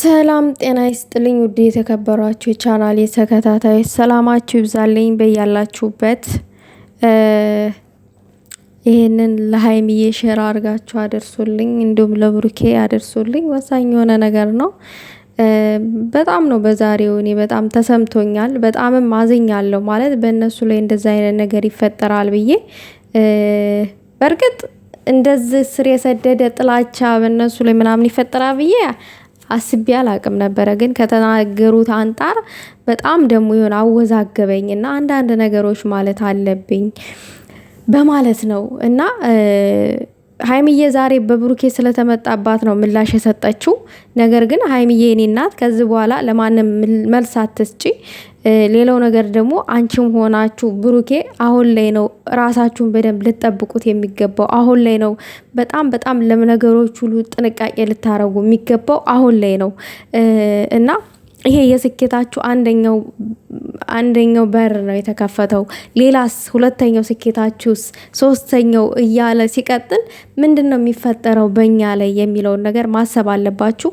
ሰላም ጤና ይስጥልኝ። ውድ የተከበራችሁ የቻናል ተከታታዮች ሰላማችሁ ይብዛልኝ በያላችሁበት። ይህንን ለሀይሚዬ ሼር አድርጋችሁ አደርሶልኝ እንዲሁም ለብሩኬ አደርሱልኝ። ወሳኝ የሆነ ነገር ነው። በጣም ነው በዛሬው እኔ በጣም ተሰምቶኛል፣ በጣምም አዝኛለሁ። ማለት በእነሱ ላይ እንደዛ አይነት ነገር ይፈጠራል ብዬ በእርግጥ እንደዚህ ስር የሰደደ ጥላቻ በእነሱ ላይ ምናምን ይፈጠራል ብዬ አስቤ አላቅም ነበረ። ግን ከተናገሩት አንጣር በጣም ደግሞ የሆነ አወዛገበኝ እና አንዳንድ ነገሮች ማለት አለብኝ በማለት ነው እና ሀይምዬ ዛሬ በብሩኬ ስለተመጣባት ነው ምላሽ የሰጠችው። ነገር ግን ሀይምዬ እኔ እናት ከዚህ በኋላ ለማንም መልስ አትስጪ። ሌላው ነገር ደግሞ አንቺም ሆናችሁ ብሩኬ አሁን ላይ ነው ራሳችሁን በደንብ ልጠብቁት የሚገባው። አሁን ላይ ነው በጣም በጣም ለነገሮች ሁሉ ጥንቃቄ ልታረጉ የሚገባው አሁን ላይ ነው እና ይሄ የስኬታችሁ አንደኛው አንደኛው በር ነው የተከፈተው። ሌላስ? ሁለተኛው ስኬታችሁስ? ሶስተኛው እያለ ሲቀጥል ምንድን ነው የሚፈጠረው በእኛ ላይ የሚለውን ነገር ማሰብ አለባችሁ።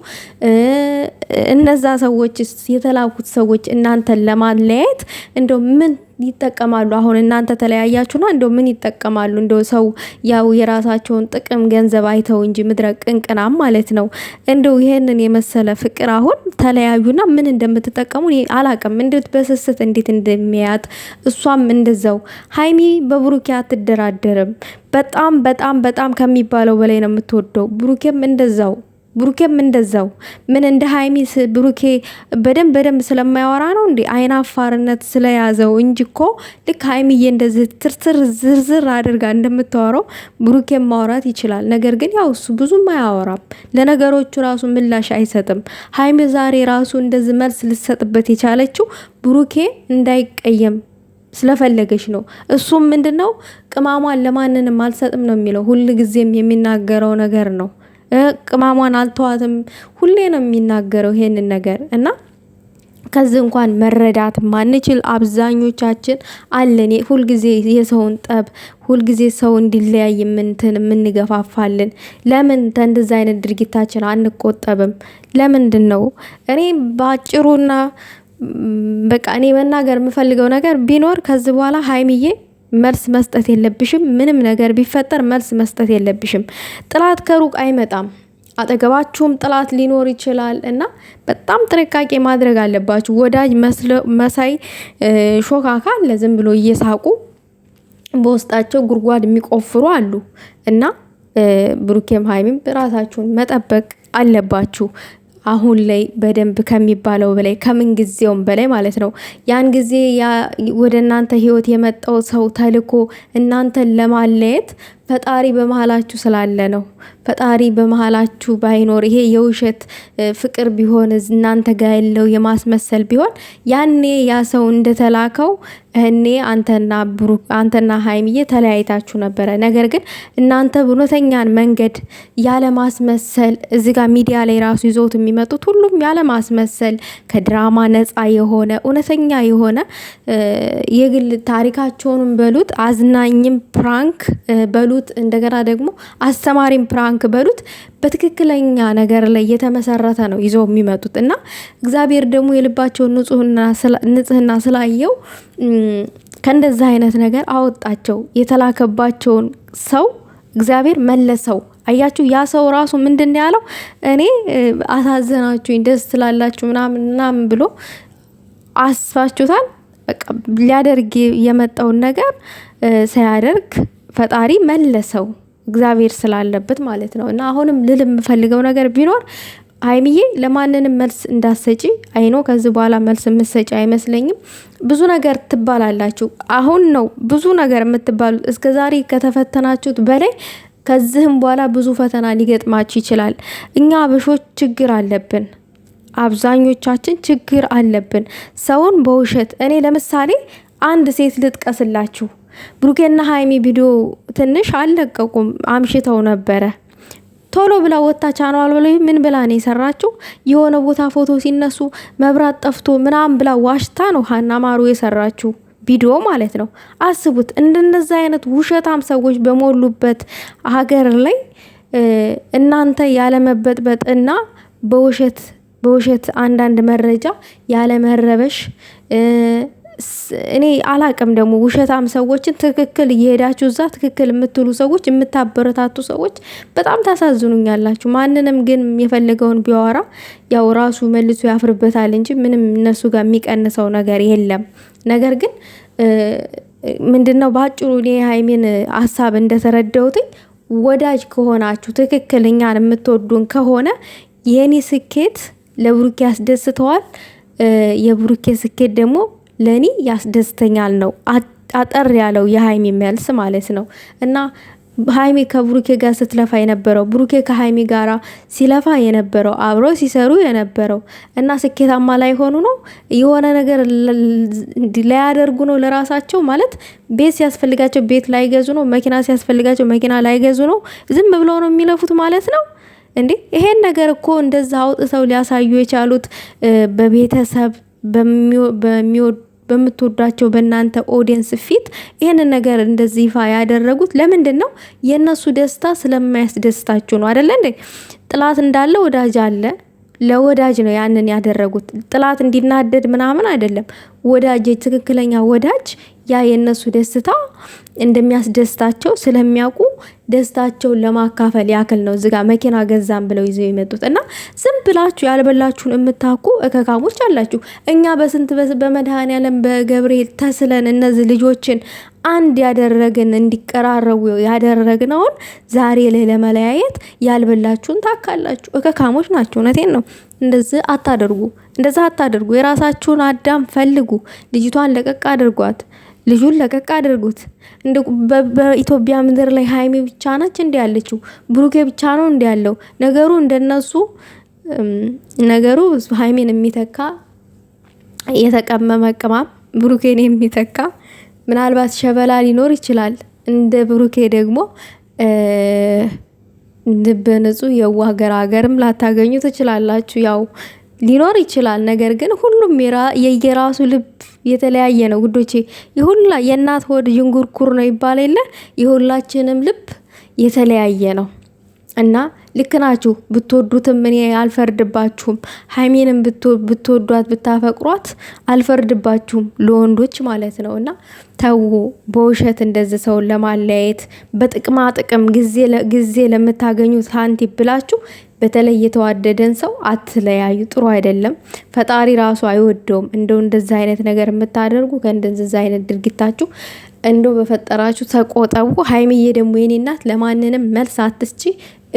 እነዛ ሰዎች የተላኩት ሰዎች እናንተን ለማለያየት እንደው ምን ይጠቀማሉ። አሁን እናንተ ተለያያችሁና እንደው ምን ይጠቀማሉ? እንደው ሰው ያው የራሳቸውን ጥቅም ገንዘብ አይተው እንጂ ምድረ ቅንቅናም ማለት ነው። እንደው ይሄንን የመሰለ ፍቅር አሁን ተለያዩና ምን እንደምትጠቀሙ አላቅም። እንዴት በስስት እንዴት እንደሚያጥ እሷም እንደዛው። ሀይሚ በብሩኬ አትደራደርም። በጣም በጣም በጣም ከሚባለው በላይ ነው የምትወደው። ብሩኬም እንደዛው ብሩኬም እንደዛው ምን እንደ ሀይሚ ብሩኬ በደንብ በደንብ ስለማያወራ ነው እንዴ አፋርነት ስለያዘው እንጂ እኮ ልክ ሀይሚዬ እንደዚህ ትርትር ዝርዝር አድርጋ እንደምታወራው ብሩኬም ማውራት ይችላል። ነገር ግን ያው እሱ ብዙም አያወራም፣ ለነገሮቹ ራሱ ምላሽ አይሰጥም። ሀይሚ ዛሬ ራሱ እንደዚህ መልስ ልትሰጥበት የቻለችው ብሩኬ እንዳይቀየም ስለፈለገች ነው። እሱም ምንድን ነው ቅማሟን ለማንንም አልሰጥም ነው የሚለው ሁል ጊዜም የሚናገረው ነገር ነው። ቅማሟን አልተዋትም። ሁሌ ነው የሚናገረው ይሄንን ነገር እና ከዚህ እንኳን መረዳት ማንችል አብዛኞቻችን አለን። ሁልጊዜ የሰውን ጠብ ሁልጊዜ ሰው እንዲለያይ ምንትን የምንገፋፋልን ለምን ተንድዛ አይነት ድርጊታችን አንቆጠብም? ለምንድን ነው እኔ በአጭሩና በቃ እኔ መናገር የምፈልገው ነገር ቢኖር ከዚህ በኋላ ሀይሚዬ መልስ መስጠት የለብሽም። ምንም ነገር ቢፈጠር መልስ መስጠት የለብሽም። ጥላት ከሩቅ አይመጣም። አጠገባችሁም ጥላት ሊኖር ይችላል እና በጣም ጥንቃቄ ማድረግ አለባችሁ። ወዳጅ መሳይ ሾካካ ለዝም ብሎ እየሳቁ በውስጣቸው ጉድጓድ የሚቆፍሩ አሉ እና ብሩኬም ሀይሚም ራሳችሁን መጠበቅ አለባችሁ። አሁን ላይ በደንብ ከሚባለው በላይ ከምን ጊዜውም በላይ ማለት ነው። ያን ጊዜ ወደ እናንተ ህይወት የመጣው ሰው ተልኮ እናንተን ለማለየት ፈጣሪ በመሀላችሁ ስላለ ነው። ፈጣሪ በመሀላችሁ ባይኖር ይሄ የውሸት ፍቅር ቢሆን እናንተ ጋር ያለው የማስመሰል ቢሆን ያኔ ያ ሰው እንደተላከው እኔ አንተና ብሩክ አንተና ሀይሚዬ ተለያይታችሁ ነበረ። ነገር ግን እናንተ እውነተኛን መንገድ ያለ ማስመሰል እዚ ጋር ሚዲያ ላይ ራሱ ይዘውት የሚመጡት ሁሉም ያለ ማስመሰል ከድራማ ነጻ የሆነ እውነተኛ የሆነ የግል ታሪካቸውንም በሉት አዝናኝም ፕራንክ በሉ በሉት እንደገና ደግሞ አስተማሪም ፕራንክ በሉት በትክክለኛ ነገር ላይ የተመሰረተ ነው ይዘው የሚመጡት እና እግዚአብሔር ደግሞ የልባቸውን ንጽህና ስላየው ከእንደዛ አይነት ነገር አወጣቸው። የተላከባቸውን ሰው እግዚአብሔር መለሰው። አያችሁ፣ ያ ሰው ራሱ ምንድን ያለው እኔ አሳዘናችሁኝ፣ ደስ ስላላችሁ ምናምን ምናምን ብሎ አስፋችሁታል። በቃ ሊያደርግ የመጣውን ነገር ሳያደርግ ፈጣሪ መለሰው እግዚአብሔር ስላለበት ማለት ነው። እና አሁንም ልል የምፈልገው ነገር ቢኖር ሀይሚዬ ለማንንም መልስ እንዳሰጪ አይኖ ከዚህ በኋላ መልስ የምሰጪ አይመስለኝም። ብዙ ነገር ትባላላችሁ። አሁን ነው ብዙ ነገር የምትባሉት። እስከ ዛሬ ከተፈተናችሁት በላይ ከዚህም በኋላ ብዙ ፈተና ሊገጥማችሁ ይችላል። እኛ አበሾች ችግር አለብን። አብዛኞቻችን ችግር አለብን። ሰውን በውሸት እኔ ለምሳሌ አንድ ሴት ልጥቀስላችሁ ብሩኬና ሀይሚ ቪዲዮ ትንሽ አልለቀቁም፣ አምሽተው ነበረ። ቶሎ ብላ ወታ ቻናል ብሎ ምን ብላ ነው የሰራችው? የሆነ ቦታ ፎቶ ሲነሱ መብራት ጠፍቶ ምናምን ብላ ዋሽታ ነው ሀና ማሩ የሰራችው ቪዲዮ ማለት ነው። አስቡት እንደነዚ አይነት ውሸታም ሰዎች በሞሉበት ሀገር ላይ እናንተ ያለመበጥበጥና በውሸት በውሸት አንዳንድ መረጃ ያለመረበሽ እኔ አላቅም ደግሞ ውሸታም ሰዎችን ትክክል እየሄዳችሁ እዛ ትክክል የምትሉ ሰዎች የምታበረታቱ ሰዎች በጣም ታሳዝኑኛላችሁ። ማንንም ግን የፈለገውን ቢያወራ ያው ራሱ መልሶ ያፍርበታል እንጂ ምንም እነሱ ጋር የሚቀንሰው ነገር የለም። ነገር ግን ምንድነው በአጭሩ እኔ ሀይሜን ሀሳብ እንደተረዳውትኝ ወዳጅ ከሆናችሁ ትክክል እኛን የምትወዱን ከሆነ የእኔ ስኬት ለብሩኬ ያስደስተዋል። የብሩኬ ስኬት ደግሞ ለእኔ ያስደስተኛል ነው አጠር ያለው የሀይሚ መልስ ማለት ነው እና ሀይሜ ከብሩኬ ጋር ስትለፋ የነበረው ብሩኬ ከሀይሜ ጋር ሲለፋ የነበረው አብረው ሲሰሩ የነበረው እና ስኬታማ ላይ ሆኑ ነው የሆነ ነገር ላያደርጉ ነው ለራሳቸው ማለት ቤት ሲያስፈልጋቸው ቤት ላይገዙ ነው፣ መኪና ሲያስፈልጋቸው መኪና ላይገዙ ነው። ዝም ብለው ነው የሚለፉት ማለት ነው እንዴ! ይሄን ነገር እኮ እንደዛ አውጥተው ሊያሳዩ የቻሉት በቤተሰብ በሚወዱ በምትወዷቸው በእናንተ ኦዲየንስ ፊት ይህንን ነገር እንደዚህ ይፋ ያደረጉት ለምንድን ነው? የእነሱ ደስታ ስለማያስደስታችሁ ነው አደለ እንዴ? ጥላት እንዳለ ወዳጅ አለ። ለወዳጅ ነው ያንን ያደረጉት። ጥላት እንዲናደድ ምናምን አይደለም። ወዳጅ፣ ትክክለኛ ወዳጅ ያ የእነሱ ደስታ እንደሚያስደስታቸው ስለሚያውቁ ደስታቸውን ለማካፈል ያክል ነው። እዚጋ መኪና ገዛም ብለው ይዘው የመጡት እና ዝም ብላችሁ ያልበላችሁን የምታውቁ እከካሞች አላችሁ። እኛ በስንት በመድኃኔዓለም በገብርኤል ተስለን እነዚህ ልጆችን አንድ ያደረግን እንዲቀራረቡ ያደረግነውን ዛሬ ላይ ለመለያየት ያልበላችሁን ታካላችሁ። እከካሞች ናቸው። እውነቴን ነው። እንደዚህ አታደርጉ፣ እንደዚህ አታደርጉ። የራሳችሁን አዳም ፈልጉ። ልጅቷን ለቀቅ አድርጓት። ልጁን ለቀቅ አድርጉት። እንደ በኢትዮጵያ ምድር ላይ ሀይሜ ብቻ ናች እንዲ ያለችው፣ ብሩኬ ብቻ ነው እንዲ ያለው ነገሩ። እንደነሱ ነገሩ ሀይሜን የሚተካ የተቀመመ ቅማም ብሩኬን የሚተካ ምናልባት ሸበላ ሊኖር ይችላል። እንደ ብሩኬ ደግሞ በንጹህ የዋህ ገራገርም ላታገኙ ትችላላችሁ ያው ሊኖር ይችላል። ነገር ግን ሁሉም የየራሱ ልብ የተለያየ ነው ጉዶቼ። የሁላ የእናት ሆድ ዥንጉርጉር ነው ይባል የለ የሁላችንም ልብ የተለያየ ነው። እና ልክ ናችሁ። ብትወዱትም እኔ አልፈርድባችሁም። ሀይሜንም ብትወዷት ብታፈቅሯት አልፈርድባችሁም፣ ለወንዶች ማለት ነው። እና ተዉ፣ በውሸት እንደዚህ ሰውን ለማለያየት በጥቅማ ጥቅም ጊዜ ለምታገኙት ሳንቲ ብላችሁ በተለይ የተዋደደን ሰው አትለያዩ፣ ጥሩ አይደለም። ፈጣሪ ራሱ አይወደውም። እንደው እንደዚ አይነት ነገር የምታደርጉ ከእንደዚ አይነት ድርጊታችሁ እንደው በፈጠራችሁ ተቆጠቡ። ሀይሚዬ ደግሞ የኔ እናት ለማንንም መልስ አትስጪ።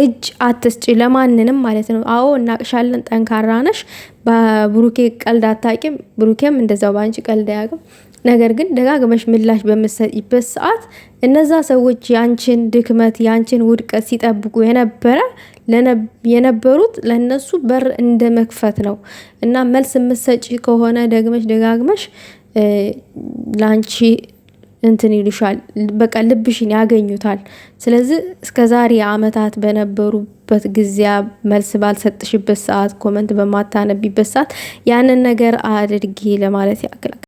እጅ አትስጪ ለማንንም ማለት ነው። አዎ እናቅሻለን፣ ጠንካራ ነሽ። በብሩኬ ቀልድ አታቂም፣ ብሩኬም እንደዛው በአንቺ ቀልድ አያቅም። ነገር ግን ደጋግመሽ ምላሽ በምሰጥበት ሰዓት እነዛ ሰዎች ያንቺን ድክመት ያንቺን ውድቀት ሲጠብቁ የነበረ የነበሩት ለነሱ በር እንደ መክፈት ነው እና መልስ የምሰጪ ከሆነ ደግመሽ ደጋግመሽ ለአንቺ እንትን ይልሻል በቃ ልብሽን ያገኙታል። ስለዚህ እስከ ዛሬ አመታት በነበሩበት ጊዜያ መልስ ባልሰጥሽበት ሰዓት፣ ኮመንት በማታነቢበት ሰዓት ያንን ነገር አድርጊ ለማለት ያክላል።